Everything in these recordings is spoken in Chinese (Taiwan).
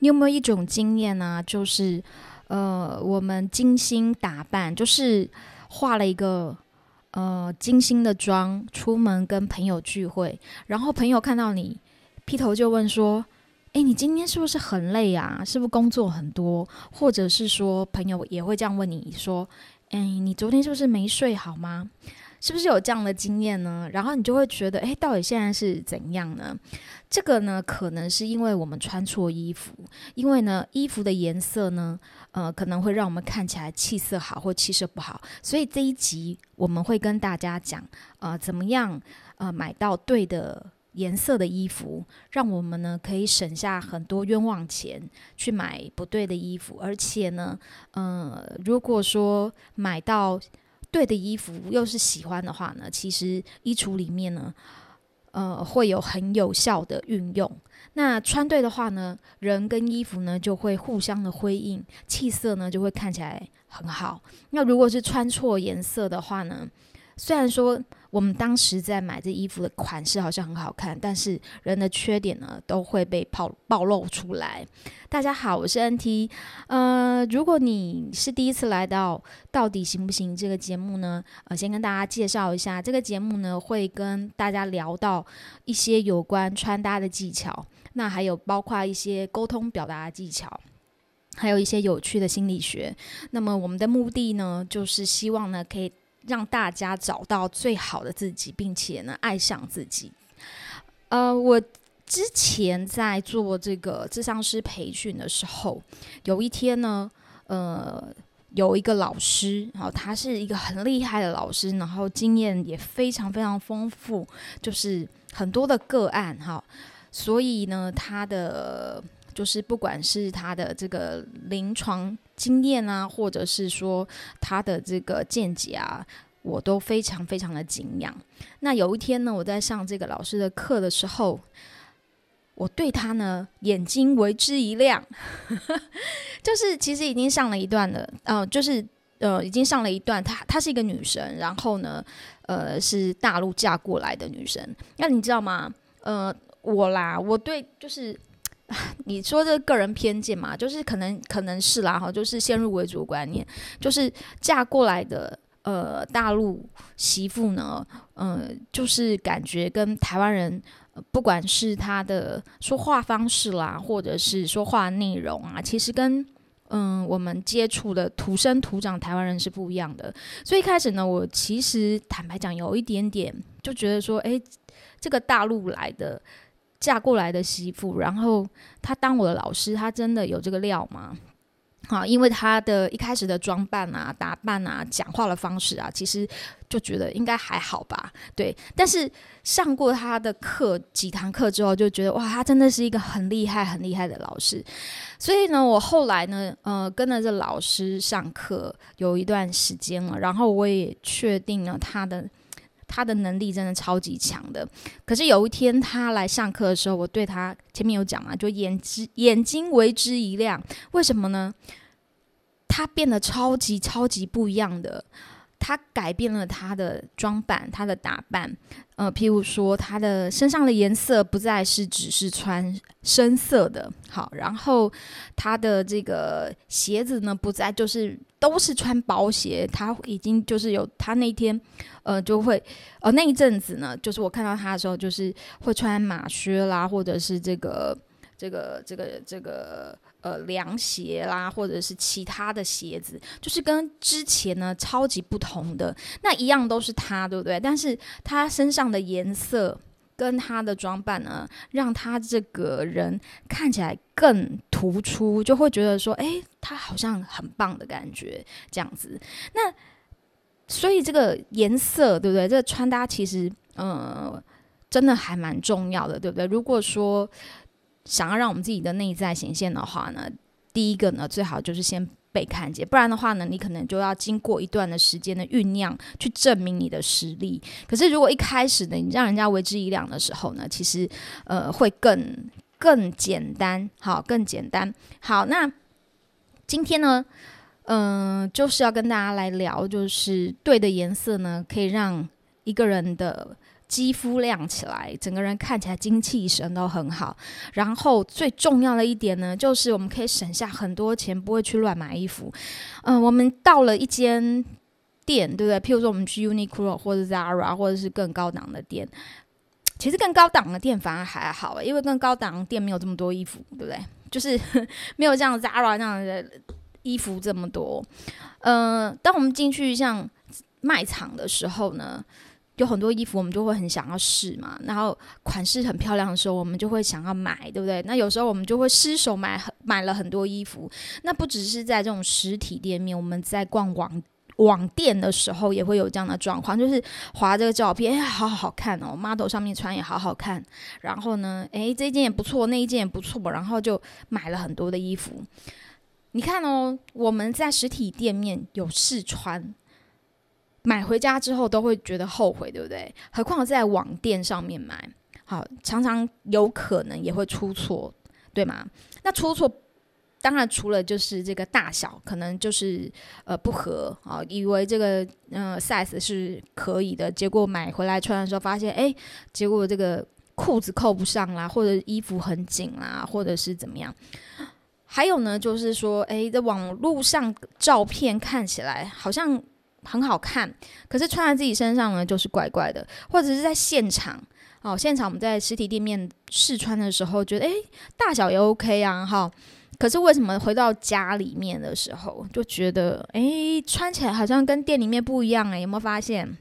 你有沒有一種經驗呢、啊？就是，呃，我們精心打扮，就是化了一個呃精心的妝，出門跟朋友聚會，然後朋友看到你，劈頭就問說：“哎，你今天是不是很累啊？是不是工作很多？”或者是說，朋友也會這樣問你說：“哎，你昨天是不是沒睡好嗎？”是不是有這樣的經驗呢？然後你就會覺得，哎，到底現在是怎樣呢？這個呢，可能是因為我們穿錯衣服，因為呢，衣服的顏色呢，呃，可能會讓我們看起來氣色好或氣色不好。所以這一集我們會跟大家講，呃，怎麼樣，呃，買到對的顏色的衣服，讓我們呢可以省下很多冤枉錢去買不對的衣服，而且呢，嗯，呃，如果說買到。對的衣服又是喜歡的話呢，其實衣櫥裡面呢，呃，會有很有效的運用。那穿對的話呢，人跟衣服呢就會互相的輝映，氣色呢就會看起來很好。那如果是穿錯顏色的話呢，雖然說。我們當時在買這衣服的款式好像很好看，但是人的缺點呢都會被暴暴露出來。大家好，我是 NT。呃，如果你是第一次來到《到底行不行》這個節目呢，呃，先跟大家介紹一下，這個節目呢會跟大家聊到一些有關穿搭的技巧，那還有包括一些溝通表達的技巧，還有一些有趣的心理學。那麼我們的目的呢，就是希望呢可以。讓大家找到最好的自己，並且呢，愛上自己。呃，我之前在做這個諮商師培訓的時候，有一天呢，呃，有一個老師，哈，他是一個很厲害的老師，然後經驗也非常非常豐富，就是很多的個案，哈，所以呢，他的就是不管是他的這個臨床經驗啊，或者是說他的這個見解啊。我都非常非常的敬仰。那有一天呢，我在上這個老師的課的時候，我對她呢眼睛為之一亮， 就是其實已經上了一段了，嗯、呃，就是呃已經上了一段。她她是一個女神，然後呢，呃是大陸嫁過來的女神。那你知道嗎？呃，我啦，我對就是你說這個個人偏見嘛，就是可能可能是啦、啊、哈，就是先入為主觀念，就是嫁過來的。呃，大陸媳婦呢，嗯、呃，就是感覺跟台灣人，呃、不管是他的說話方式啦、啊，或者是說話內容啊，其實跟嗯、呃、我們接觸的土生土長台灣人是不一樣的。所以一開始呢，我其實坦白講，有一點點就覺得說，誒，這個大陸來的嫁過來的媳婦，然後她當我的老師，她真的有這個料嗎？啊，因為他的一開始的裝扮啊、打扮啊、講話的方式啊，其實就覺得應該還好吧，對。但是上過他的課幾堂課之後，就覺得哇，他真的是一個很厲害、很厲害的老師。所以呢，我後來呢，呃，跟着這老師上課有一段時間了，然後我也確定了他的。他的能力真的超級強的，可是有一天他來上課的時候，我對他前面有講嘛，就眼之眼睛為之一亮，為什麼呢？他變得超級超級不一樣的。他改變了他的裝扮，他的打扮，呃，譬如說他的身上的顏色不再是只是穿深色的，好，然後他的這個鞋子呢，不再就是都是穿薄鞋，他已經就是有他那天，呃，就會，呃，那一陣子呢，就是我看到他的時候，就是會穿馬靴啦，或者是這個這個這個這個。這個這個呃，涼鞋啦，或者是其他的鞋子，就是跟之前呢超級不同的那一樣，都是他，對不對？但是他身上的顏色跟他的裝扮呢，讓他這個人看起來更突出，就會覺得說，哎，他好像很棒的感覺，這樣子。那所以這個顏色，對不對？這個穿搭其實，嗯、呃，真的還蠻重要的，對不對？如果說，想要讓我們自己的內在顯現的話呢，第一個呢，最好就是先被看見，不然的話呢，你可能就要經過一段的時間的醞釀，去證明你的實力。可是如果一開始呢，你讓人家為之一亮的時候呢，其實呃會更更簡單，好，更簡單。好，那今天呢，嗯、呃，就是要跟大家來聊，就是對的顏色呢，可以讓一個人的。肌膚亮起來，整個人看起來精氣神都很好。然後最重要的一點呢，就是我們可以省下很多錢，不會去亂買衣服。嗯、呃，我們到了一間店，對不對？譬如說，我們去 Uniqlo 或者 Zara，或者是更高檔的店。其實更高檔的店反而還好，因為更高檔的店沒有這麼多衣服，對不對？就是沒有像 Zara 那樣的衣服這麼多。嗯、呃，當我們進去像賣場的時候呢？有很多衣服，我們就會很想要試嘛，然後款式很漂亮的時候，我們就會想要買，對不對？那有時候我們就會失手買很買了很多衣服。那不只是在這種實體店面，我們在逛網網店的時候也會有這樣的狀況，就是劃這個照片，哎，好好好看哦，model 上面穿也好好看。然後呢，哎，這件也不錯，那一件也不錯，然後就買了很多的衣服。你看哦，我們在實體店面有試穿。買回家之後都會覺得後悔，對不對？何況在網店上面買，好，常常有可能也會出錯，對嗎？那出錯，當然除了就是這個大小，可能就是呃不合啊，以為這個嗯、呃、size 是可以的，結果買回來穿的時候發現，哎、欸，結果這個褲子扣不上啦，或者衣服很緊啦，或者是怎麼樣？還有呢，就是說，哎、欸，在網絡上照片看起來好像。很好看，可是穿在自己身上呢，就是怪怪的。或者是在現場，哦，現場我們在實體店面試穿的時候，覺得誒、欸、大小也 OK 啊，哈。可是為什麼回到家裡面的時候，就覺得誒、欸，穿起來好像跟店裡面不一樣誒、欸？有沒有發現？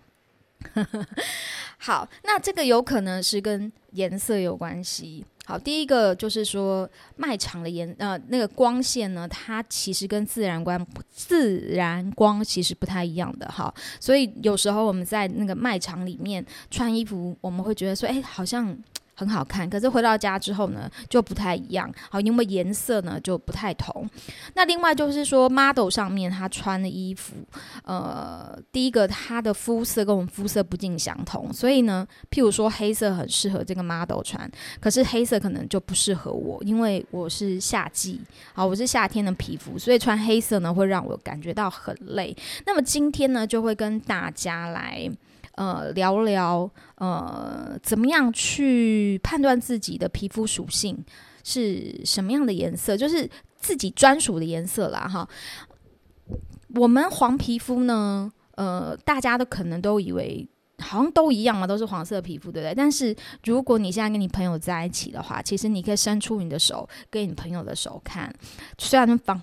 好，那這個有可能是跟顏色有關係。好，第一個就是說，賣場的顏呃，那個光線呢，它其實跟自然光，自然光其實不太一樣的哈，所以有時候我們在那個賣場裡面穿衣服，我們會覺得說，哎、欸，好像。很好看，可是回到家之後呢，就不太一樣。好，因為顏色呢就不太同。那另外就是說，model 上面他穿的衣服，呃，第一個他的膚色跟我們膚色不盡相同，所以呢，譬如說黑色很適合這個 model 穿，可是黑色可能就不適合我，因為我是夏季，好，我是夏天的皮膚，所以穿黑色呢會讓我感覺到很累。那麼今天呢，就會跟大家來。呃，聊聊呃，怎麼樣去判斷自己的皮膚屬性是什麼樣的顏色，就是自己專屬的顏色啦。哈。我們黃皮膚呢，呃，大家都可能都以為好像都一樣嘛，都是黃色皮膚，對不對？但是如果你現在跟你朋友在一起的話，其實你可以伸出你的手，給你朋友的手看，雖然黃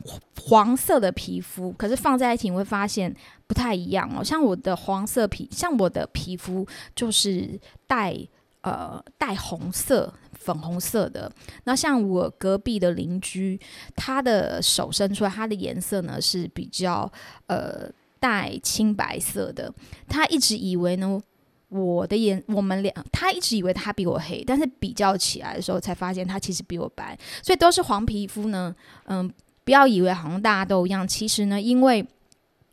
黃色的皮膚，可是放在一起你會發現。不太一樣哦，像我的黃色皮，像我的皮膚就是帶呃帶紅色、粉紅色的。那像我隔壁的鄰居，他的手伸出來，他的顏色呢是比較呃帶青白色的。他一直以為呢我的顏我們倆，他一直以為他比我黑，但是比較起來的時候才發現他其實比我白。所以都是黃皮膚呢，嗯、呃，不要以為好像大家都一樣，其實呢，因為。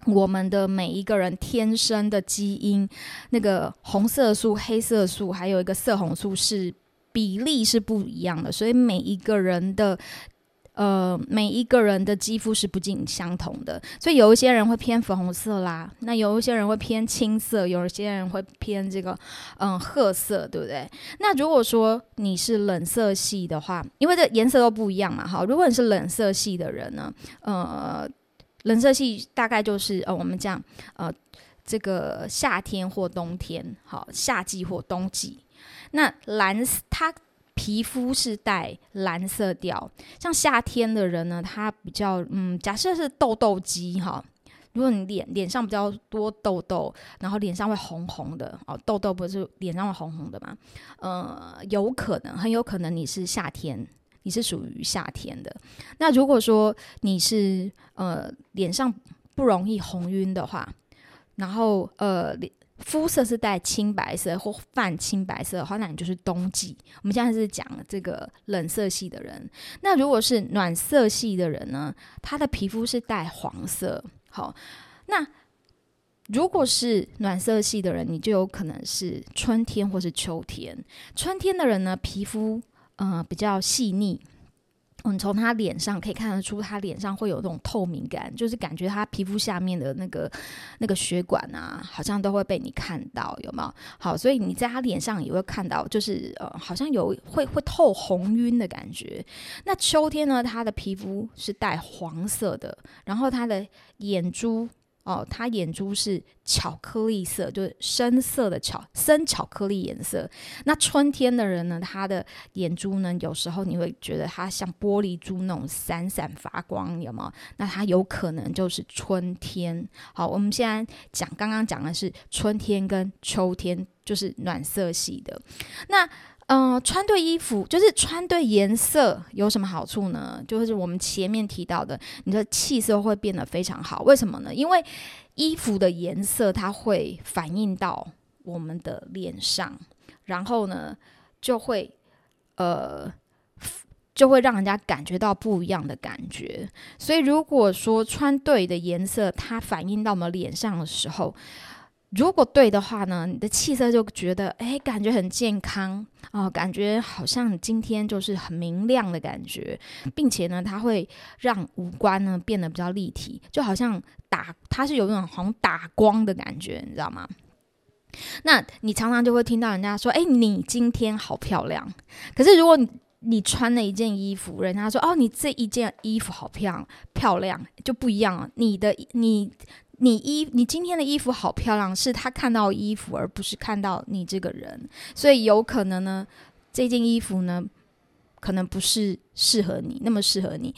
我們的每一個人天生的基因，那個紅色素、黑色素，還有一個色紅素是比例是不一樣的，所以每一個人的呃，每一個人的肌膚是不盡相同的。所以有一些人會偏粉紅色啦，那有一些人會偏青色，有一些人會偏這個嗯褐色，對不對？那如果說你是冷色系的話，因為這顏色都不一樣嘛，好，如果你是冷色系的人呢，呃。冷色系大概就是呃，我們講呃，這個夏天或冬天，好，哦，夏季或冬季。那藍，它皮膚是帶藍色調，像夏天的人呢，他比較嗯，假設是痘痘肌哈，哦，如果你臉臉上比較多痘痘，然後臉上會紅紅的哦，痘痘不是臉上會紅紅的嘛，呃，有可能，很有可能你是夏天。你是屬於夏天的。那如果說你是呃，臉上不容易紅暈的話，然後呃膚色是帶青白色或泛青白色的話，那你就是冬季。我們現在是講這個冷色系的人。那如果是暖色系的人呢，他的皮膚是帶黃色。好，那如果是暖色系的人，你就有可能是春天或是秋天。春天的人呢，皮膚。嗯，比較細膩。嗯、哦，從他臉上可以看得出，他臉上會有那種透明感，就是感覺他皮膚下面的那個那個血管啊，好像都會被你看到，有沒有？好，所以你在他臉上也會看到，就是呃，好像有會會透紅暈的感覺。那秋天呢，他的皮膚是帶黃色的，然後他的眼珠。哦，他眼珠是巧克力色，就是深色的巧深巧克力顏色。那春天的人呢？他的眼珠呢？有時候你會覺得他像玻璃珠那種閃閃發光，有嗎？那他有可能就是春天。好，我們現在講剛剛講的是春天跟秋天，就是暖色系的。那嗯，穿對衣服就是穿對顏色有什麼好處呢？就是我們前面提到的，你的氣色會變得非常好。為什麼呢？因為衣服的顏色它會反映到我們的臉上，然後呢，就會呃，就會讓人家感覺到不一樣的感覺。所以如果說穿對的顏色它反映到我們臉上的時候，如果對的話呢，你的氣色就覺得，誒，感覺很健康哦、呃，感覺好像今天就是很明亮的感覺，並且呢，它會讓五官呢變得比較立體，就好像打，它是有那種好像打光的感覺，你知道嗎？那你常常就會聽到人家說，誒，你今天好漂亮。可是如果你你穿了一件衣服，人家說：“哦，你這一件衣服好漂漂亮，就不一樣啊。”你的你你衣你今天的衣服好漂亮，是他看到衣服，而不是看到你這個人，所以有可能呢，這件衣服呢，可能不是適合你，那麼適合你。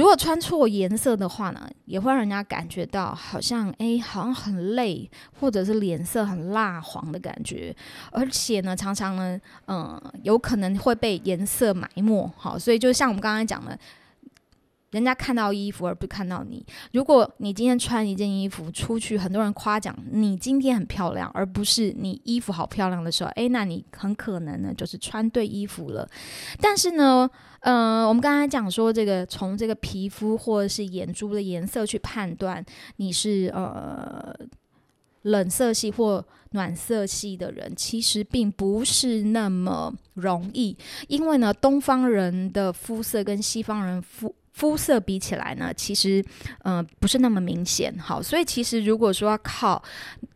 如果穿錯顏色的話呢，也會讓人家感覺到好像誒，好像很累，或者是臉色很蠟黃的感覺，而且呢，常常呢，嗯、呃，有可能會被顏色埋沒。好，所以就像我們剛剛講的。人家看到衣服而不看到你。如果你今天穿一件衣服出去，很多人誇獎你今天很漂亮，而不是你衣服好漂亮的時候，誒，那你很可能呢就是穿對衣服了。但是呢，嗯、呃，我們剛才講說，這個從這個皮膚或者是眼珠的顏色去判斷你是呃冷色系或暖色系的人，其實並不是那麼容易，因為呢，東方人的膚色跟西方人膚膚色比起來呢，其實，嗯、呃，不是那麼明顯。好，所以其實如果說要靠。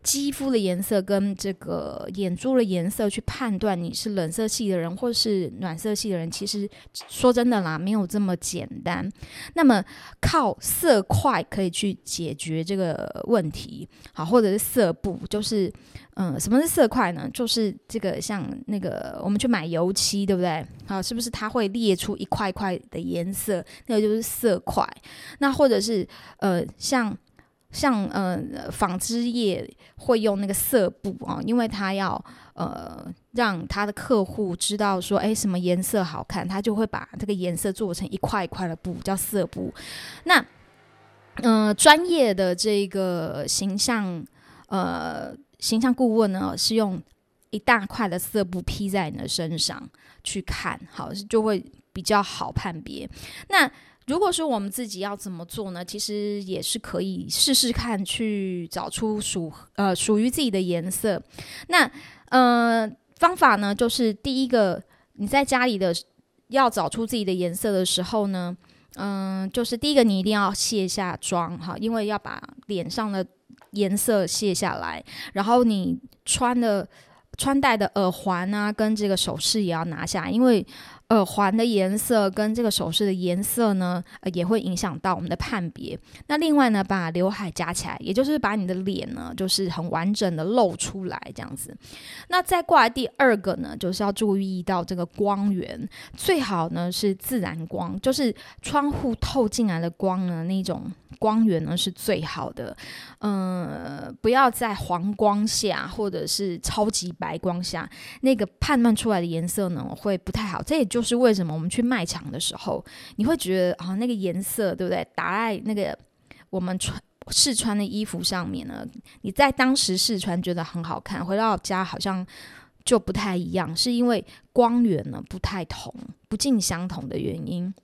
肌膚的顏色跟這個眼珠的顏色去判斷你是冷色系的人或是暖色系的人，其實說真的啦，沒有這麼簡單。那麼靠色塊可以去解決這個問題，好，或者是色布，就是嗯、呃，什麼是色塊呢？就是這個像那個我們去買油漆，對不對？好，是不是它會列出一塊塊的顏色？那個就是色塊。那或者是呃，像。像呃，紡織業會用那個色布啊，哦，因為他要呃讓他的客戶知道說，哎，什麼顏色好看，他就會把這個顏色做成一塊一塊的布，叫色布。那嗯、呃，專業的這個形象呃形象顧問呢，是用一大塊的色布披在你的身上去看好，就會比較好判別。那如果說我們自己要怎麼做呢？其實也是可以試試看，去找出屬呃屬於自己的顏色。那呃方法呢，就是第一個，你在家裡的要找出自己的顏色的時候呢，嗯、呃，就是第一個你一定要卸下妝哈，因為要把臉上的顏色卸下來，然後你穿的穿戴的耳環啊，跟這個首飾也要拿下，因為。耳環的顏色跟這個首飾的顏色呢、呃，也會影響到我們的判別。那另外呢，把劉海夾起來，也就是把你的臉呢，就是很完整的露出來這樣子。那再過來第二個呢，就是要注意到這個光源，最好呢是自然光，就是窗戶透進來的光呢，那種光源呢是最好的。嗯、呃，不要在黃光下或者是超級白光下，那個判斷出來的顏色呢會不太好。這就是為什麼我們去賣場的時候，你會覺得啊、哦，那個顏色對不對？打在那個我們穿試穿的衣服上面呢？你在當時試穿覺得很好看，回到家好像就不太一樣，是因為光源呢不太同、不盡相同的原因。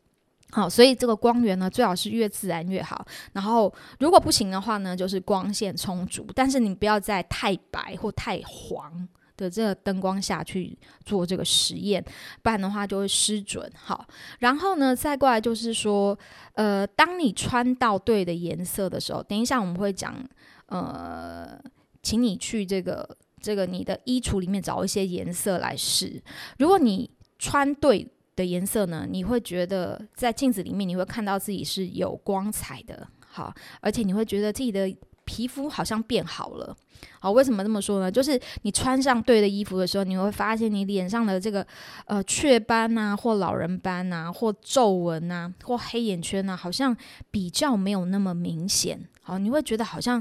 好、哦，所以這個光源呢，最好是越自然越好。然後如果不行的話呢，就是光線充足，但是你不要再太白或太黃。的這個燈光下去做這個實驗，不然的話就會失準。好，然後呢，再過來就是說，呃，當你穿到對的顏色的時候，等一下我們會講，呃，請你去這個這個你的衣櫥裡面找一些顏色來試。如果你穿對的顏色呢，你會覺得在鏡子裡面你會看到自己是有光彩的，好，而且你會覺得自己的。皮膚好像變好了，好，為什麼這麼說呢？就是你穿上對的衣服的時候，你會發現你臉上的這個呃雀斑吶、啊，或老人斑吶、啊，或皺紋吶、啊，或黑眼圈吶、啊，好像比較沒有那麼明顯，好，你會覺得好像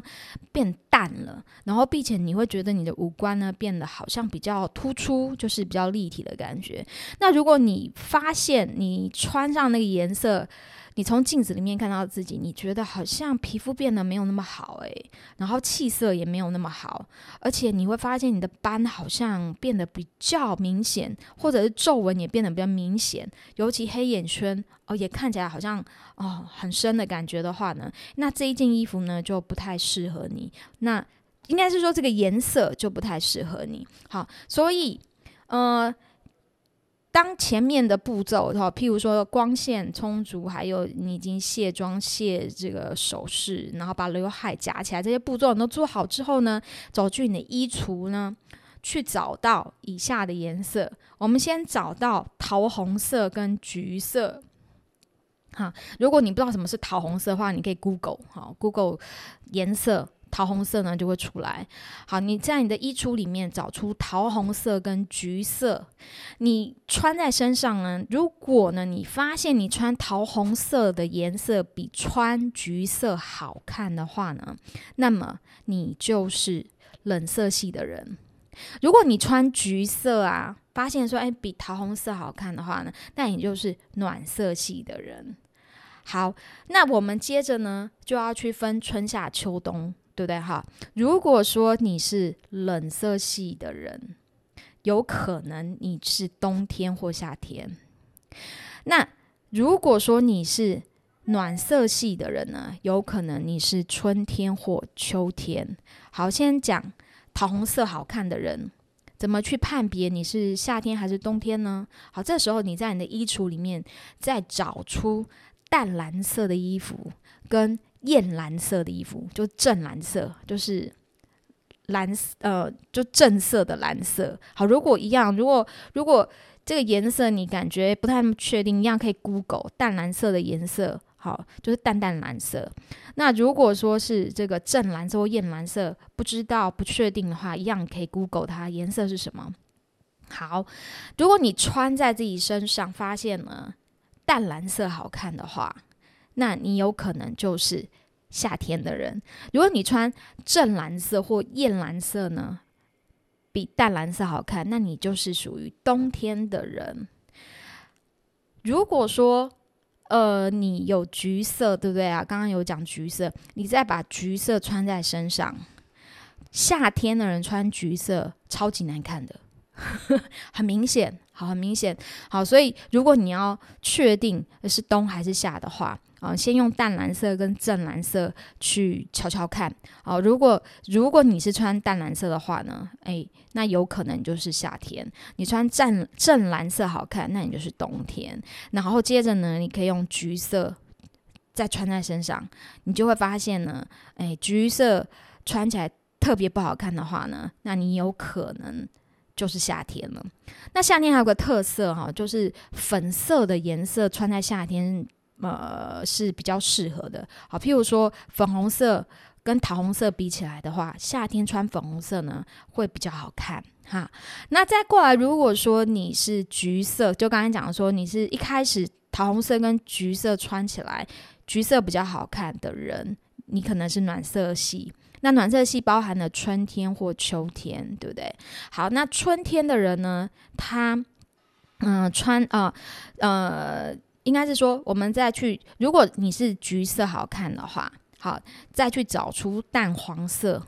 變淡了，然後並且你會覺得你的五官呢變得好像比較突出，就是比較立體的感覺。那如果你發現你穿上那個顏色，你從鏡子裡面看到自己，你覺得好像皮膚變得沒有那麼好誒，然後氣色也沒有那麼好，而且你會發現你的斑好像變得比較明顯，或者是皺紋也變得比較明顯，尤其黑眼圈哦也看起來好像哦很深的感覺的話呢，那這一件衣服呢就不太適合你，那應該是說這個顏色就不太適合你。好，所以，呃。當前面的步驟，哈，譬如說光線充足，還有你已經卸妝、卸這個首飾，然後把劉海夾起來，這些步驟你都做好之後呢，走去你的衣櫥呢，去找到以下的顏色。我們先找到桃紅色跟橘色，哈、啊，如果你不知道什麼是桃紅色的話，你可以 Google，哈，Google 顏色。桃紅色呢就會出來。好，你在你的衣櫥裡面找出桃紅色跟橘色，你穿在身上呢，如果呢你發現你穿桃紅色的顏色比穿橘色好看的話呢，那麼你就是冷色系的人；如果你穿橘色啊，發現說誒、哎、比桃紅色好看的話呢，那你就是暖色系的人。好，那我們接着呢就要去分春夏秋冬。對不對？好，如果說你是冷色系的人，有可能你是冬天或夏天。那如果說你是暖色系的人呢？有可能你是春天或秋天。好，先講桃紅色好看的人，怎麼去判別你是夏天還是冬天呢？好，這時候你在你的衣櫥裡面再找出淡藍色的衣服跟。豔藍色的衣服就正藍色，就是藍呃，就正色的藍色。好，如果一樣，如果如果這個顏色你感覺不太確定，一樣可以 Google 淡藍色的顏色。好，就是淡淡藍色。那如果說是這個正藍色或豔藍色，不知道不確定的話，一樣可以 Google 它顏色是什麼。好，如果你穿在自己身上發現呢，淡藍色好看的話。那你有可能就是夏天的人。如果你穿正藍色或豔藍色呢，比淡藍色好看，那你就是屬於冬天的人。如果說，呃，你有橘色，對不對啊？剛剛有講橘色，你再把橘色穿在身上，夏天的人穿橘色超級難看的， 很明顯，好，很明顯，好。所以，如果你要確定是冬還是夏的話，啊，先用淡藍色跟正藍色去瞧瞧看。哦，如果如果你是穿淡藍色的話呢，誒，那有可能就是夏天。你穿正正藍色好看，那你就是冬天。然後接着呢，你可以用橘色再穿在身上，你就會發現呢，誒，橘色穿起來特別不好看的話呢，那你有可能就是夏天了。那夏天還有個特色哈，就是粉色的顏色穿在夏天。呃，是比較適合的，好，譬如說粉紅色跟桃紅色比起來的話，夏天穿粉紅色呢會比較好看哈。那再過來，如果說你是橘色，就剛才講的說，你是一開始桃紅色跟橘色穿起來，橘色比較好看的人，你可能是暖色系。那暖色系包含了春天或秋天，對不對？好，那春天的人呢，他嗯穿啊呃。應該是說，我們再去，如果你是橘色好看的話，好，再去找出淡黃色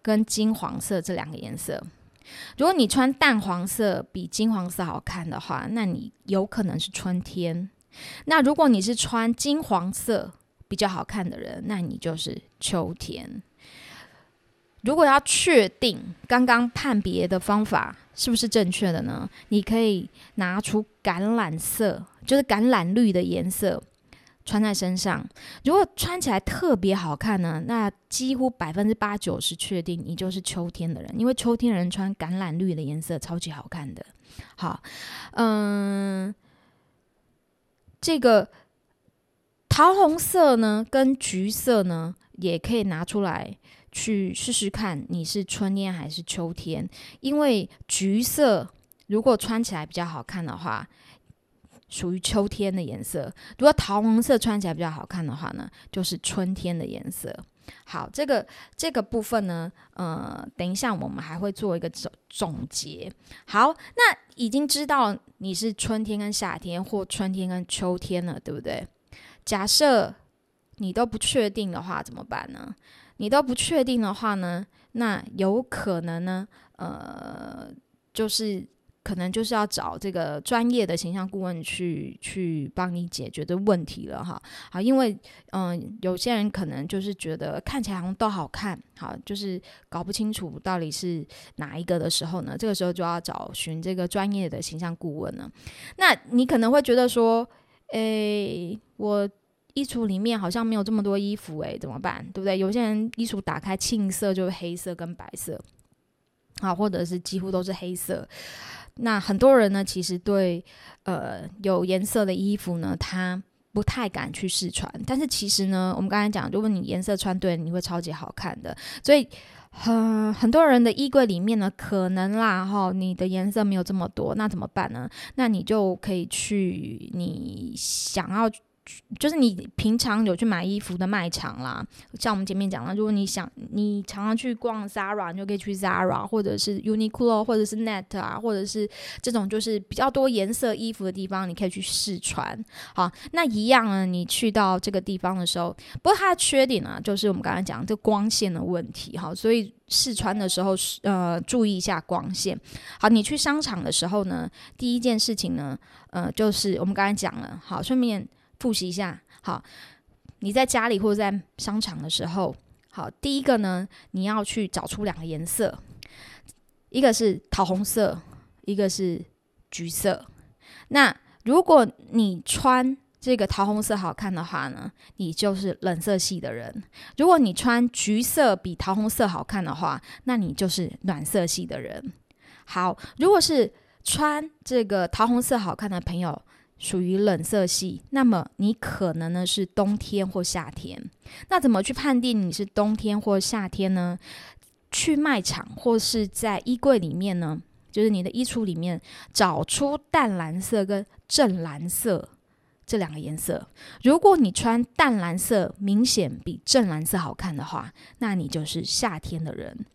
跟金黃色這兩個顏色。如果你穿淡黃色比金黃色好看的話，那你有可能是春天。那如果你是穿金黃色比較好看的人，那你就是秋天。如果要確定剛剛判別的方法是不是正確的呢？你可以拿出橄欖色，就是橄欖綠的顏色，穿在身上，如果穿起來特別好看呢，那幾乎百分之八九十確定你就是秋天的人，因為秋天的人穿橄欖綠的顏色超級好看的。好，嗯，呃，這個桃紅色呢，跟橘色呢，也可以拿出來。去試試看，你是春天還是秋天？因為橘色如果穿起來比較好看的話，屬於秋天的顏色；如果桃紅色穿起來比較好看的話呢，就是春天的顏色。好，這個這個部分呢，呃，等一下我們還會做一個總總結。好，那已經知道你是春天跟夏天，或春天跟秋天了，對不對？假設你都不確定的話，怎麼辦呢？你都不確定的話呢，那有可能呢，呃，就是可能就是要找這個專業的形象顧問去去幫你解決的問題了哈。好，因為嗯、呃，有些人可能就是覺得看起來好像都好看，好，就是搞不清楚到底是哪一個的時候呢，這個時候就要找尋這個專業的形象顧問了。那你可能會覺得說，哎、欸，我。衣櫥裡面好像沒有這麼多衣服誒、欸，怎麼辦？對不對？有些人衣櫥打開，青色就是黑色跟白色，啊，或者是幾乎都是黑色。那很多人呢，其實對呃有顏色的衣服呢，他不太敢去試穿。但是其實呢，我們剛才講，如果你顏色穿對，你會超級好看的。所以很、呃、很多人的衣櫃裡面呢，可能啦吼，你的顏色沒有這麼多，那怎麼辦呢？那你就可以去你想要。就是你平常有去買衣服的賣場啦，像我們前面講了，如果你想你常常去逛 Zara，你就可以去 Zara，或者是 Uniqlo，或者是 Net 啊，或者是這種就是比較多顏色衣服的地方，你可以去試穿。好，那一樣呢？你去到這個地方的時候，不過它的缺點呢、啊，就是我們剛才講的這光線的問題，好，所以試穿的時候呃注意一下光線。好，你去商場的時候呢，第一件事情呢，呃，就是我們剛才講了，好，順便。複習一下，好，你在家裡或者在商場的時候，好，第一個呢，你要去找出兩個顏色，一個是桃紅色，一個是橘色。那如果你穿這個桃紅色好看的話呢，你就是冷色系的人；如果你穿橘色比桃紅色好看的話，那你就是暖色系的人。好，如果是穿這個桃紅色好看的朋友。屬於冷色系，那麼你可能呢是冬天或夏天。那怎麼去判定你是冬天或夏天呢？去賣場或是在衣櫃裡面呢，就是你的衣櫥裡面找出淡藍色跟正藍色這兩個顏色。如果你穿淡藍色明顯比正藍色好看的話，那你就是夏天的人。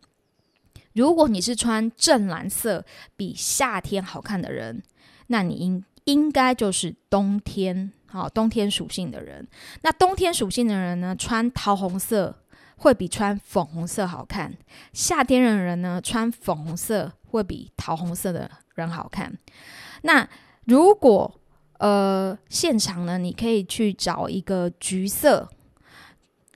如果你是穿正藍色比夏天好看的人，那你應……應該就是冬天，好、哦，冬天屬性的人。那冬天屬性的人呢，穿桃紅色會比穿粉紅色好看。夏天的人呢，穿粉紅色會比桃紅色的人好看。那如果呃現場呢，你可以去找一個橘色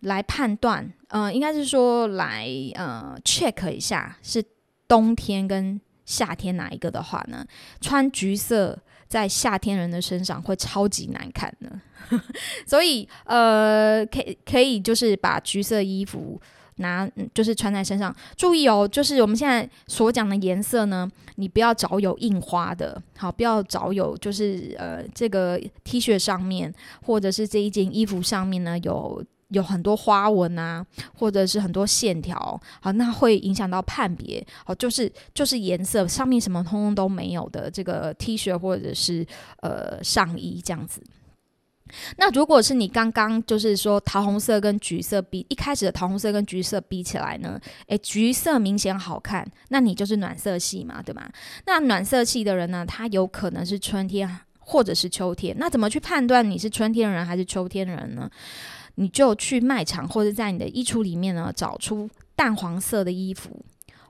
來判斷，呃，應該是說來呃 check 一下是冬天跟夏天哪一個的話呢，穿橘色。在夏天人的身上會超級難看的， 所以呃，可以可以就是把橘色衣服拿，嗯，就是穿在身上。注意哦，就是我們現在所講的顏色呢，你不要找有印花的，好，不要找有就是呃，這個 T 恤上面或者是這一件衣服上面呢有。有很多花紋啊，或者是很多線條，好，那會影響到判別。好，就是就是顏色上面什麼通通都沒有的這個 T 恤或者是呃上衣這樣子。那如果是你剛剛就是說桃紅色跟橘色比，一開始的桃紅色跟橘色比起來呢，誒，橘色明顯好看，那你就是暖色系嘛，對嗎？那暖色系的人呢，他有可能是春天或者是秋天。那怎麼去判斷你是春天人還是秋天人呢？你就去賣場，或者在你的衣櫥裡面呢，找出淡黃色的衣服，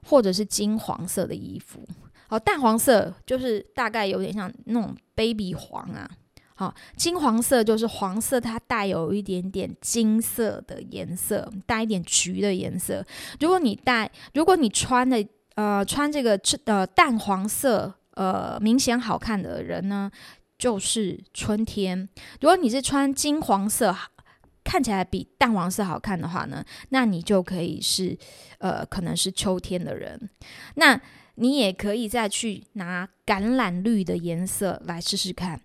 或者是金黃色的衣服。好，淡黃色就是大概有點像那種 baby 黃啊。好，金黃色就是黃色，它帶有一點點金色的顏色，帶一點橘的顏色。如果你帶，如果你穿的呃穿這個呃淡黃色，呃明顯好看的人呢，就是春天。如果你是穿金黃色，看起來比淡黃色好看的話呢，那你就可以是，呃，可能是秋天的人。那你也可以再去拿橄欖綠的顏色來試試看。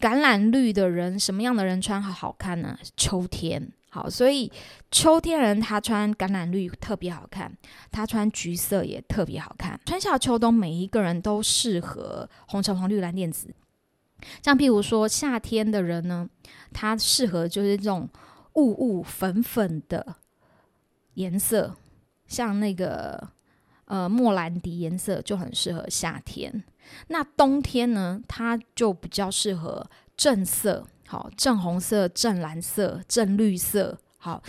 橄欖綠的人什麼樣的人穿好好看呢？秋天。好，所以秋天人他穿橄欖綠特別好看，他穿橘色也特別好看。春夏秋冬每一個人都適合紅橙黃綠藍靛紫。像譬如說夏天的人呢，他適合就是這種。霧霧粉粉的顏色，像那個呃莫蘭迪顏色就很適合夏天。那冬天呢，它就比較適合正色，好，正紅色、正藍色、正綠色，好，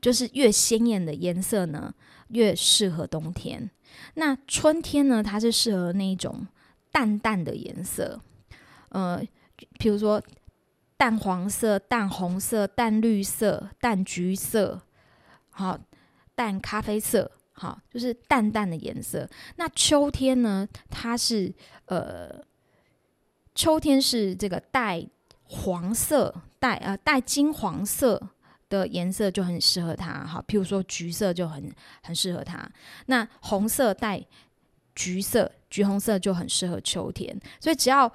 就是越鮮豔的顏色呢越適合冬天。那春天呢，它是適合那一種淡淡的顏色，呃，比如說。淡黃色、淡紅色、淡綠色、淡橘色，好，淡咖啡色，好，就是淡淡的顏色。那秋天呢？它是呃，秋天是這個帶黃色、帶啊、帶、呃、金黃色的顏色就很適合它。好，譬如說橘色就很很適合它。那紅色帶橘色、橘紅色就很適合秋天。所以只要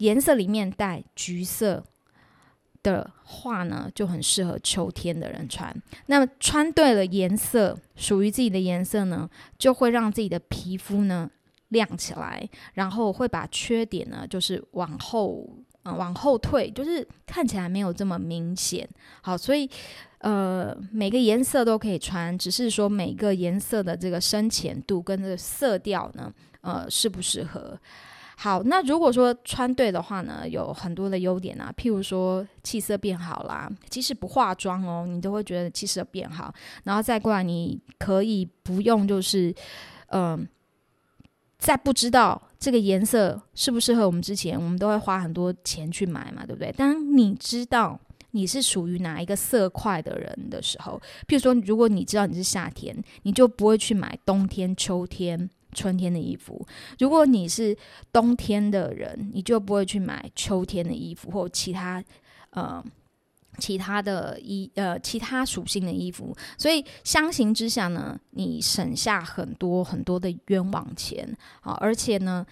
顏色裡面帶橘色。的話呢，就很適合秋天的人穿。那麼穿對了顏色，屬於自己的顏色呢，就會讓自己的皮膚呢亮起來，然後會把缺點呢就是往後，嗯、呃，往後退，就是看起來沒有這麼明顯。好，所以呃，每個顏色都可以穿，只是說每個顏色的這個深淺度跟這個色調呢，呃，適不適合。好，那如果說穿對的話呢，有很多的優點啊，譬如說氣色變好啦，即使不化妝哦，你都會覺得氣色變好。然後再過來，你可以不用就是，嗯、呃，在不知道這個顏色適不適合我們之前，我們都會花很多錢去買嘛，對不對？當你知道你是屬於哪一個色塊的人的時候，譬如說，如果你知道你是夏天，你就不會去買冬天、秋天。春天的衣服，如果你是冬天的人，你就不會去買秋天的衣服或其他呃其他的衣，呃其他屬性的衣服。所以相形之下呢，你省下很多很多的冤枉錢啊！而且呢，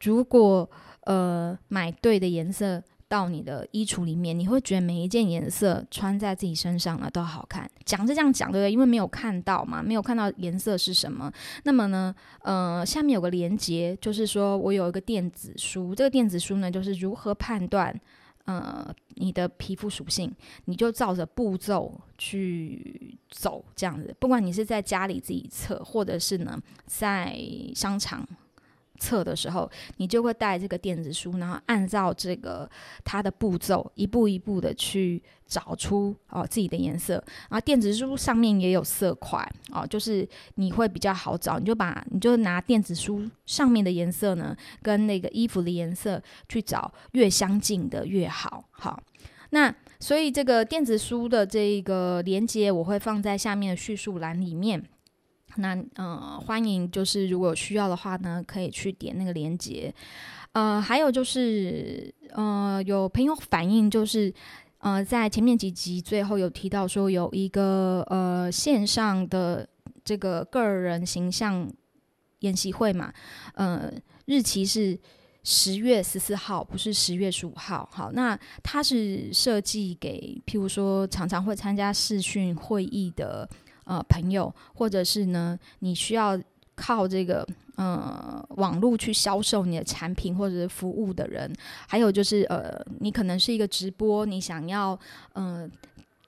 如果呃買對的顏色。到你的衣櫥裡面，你會覺得每一件顏色穿在自己身上呢都好看。講是這樣講，對不對？因為沒有看到嘛，沒有看到顏色是什麼。那麼呢，呃，下面有個連接，就是說我有一個電子書，這個電子書呢就是如何判斷呃你的皮膚屬性，你就照着步驟去走，這樣子。不管你是在家裡自己測，或者是呢在商場。測的時候，你就會帶這個電子書，然後按照這個它的步驟，一步一步的去找出哦自己的顏色。啊，電子書上面也有色塊哦，就是你會比較好找。你就把你就拿電子書上面的顏色呢，跟那個衣服的顏色去找，越相近的越好。好，那所以這個電子書的這個連接我會放在下面的敘述欄裡面。那呃，歡迎，就是如果有需要的話呢，可以去點那個鏈接。呃，還有就是，呃，有朋友反映，就是呃，在前面幾集最後有提到說有一個呃線上的這個個人形象研習會嘛，呃，日期是十月十四號，不是十月十五號。好，那他是設計給，譬如說常常會參加視訊會議的。呃，朋友，或者是呢，你需要靠這個呃網路，去銷售你的產品或者是服務的人，還有就是呃，你可能是一個直播，你想要呃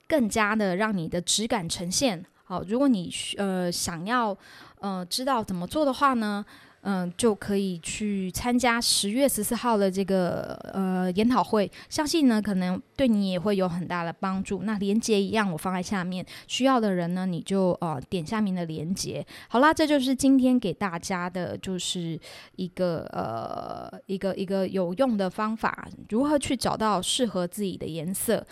更加的讓你的質感呈現。好，如果你呃想要呃知道怎麼做的話呢？嗯，就可以去參加十月十四號的這個呃研討會，相信呢可能對你也會有很大的幫助。那連結一樣，我放在下面，需要的人呢，你就哦、呃、點下面的連結。好啦，這就是今天給大家的就是一個呃一個一個有用的方法，如何去找到適合自己的顏色。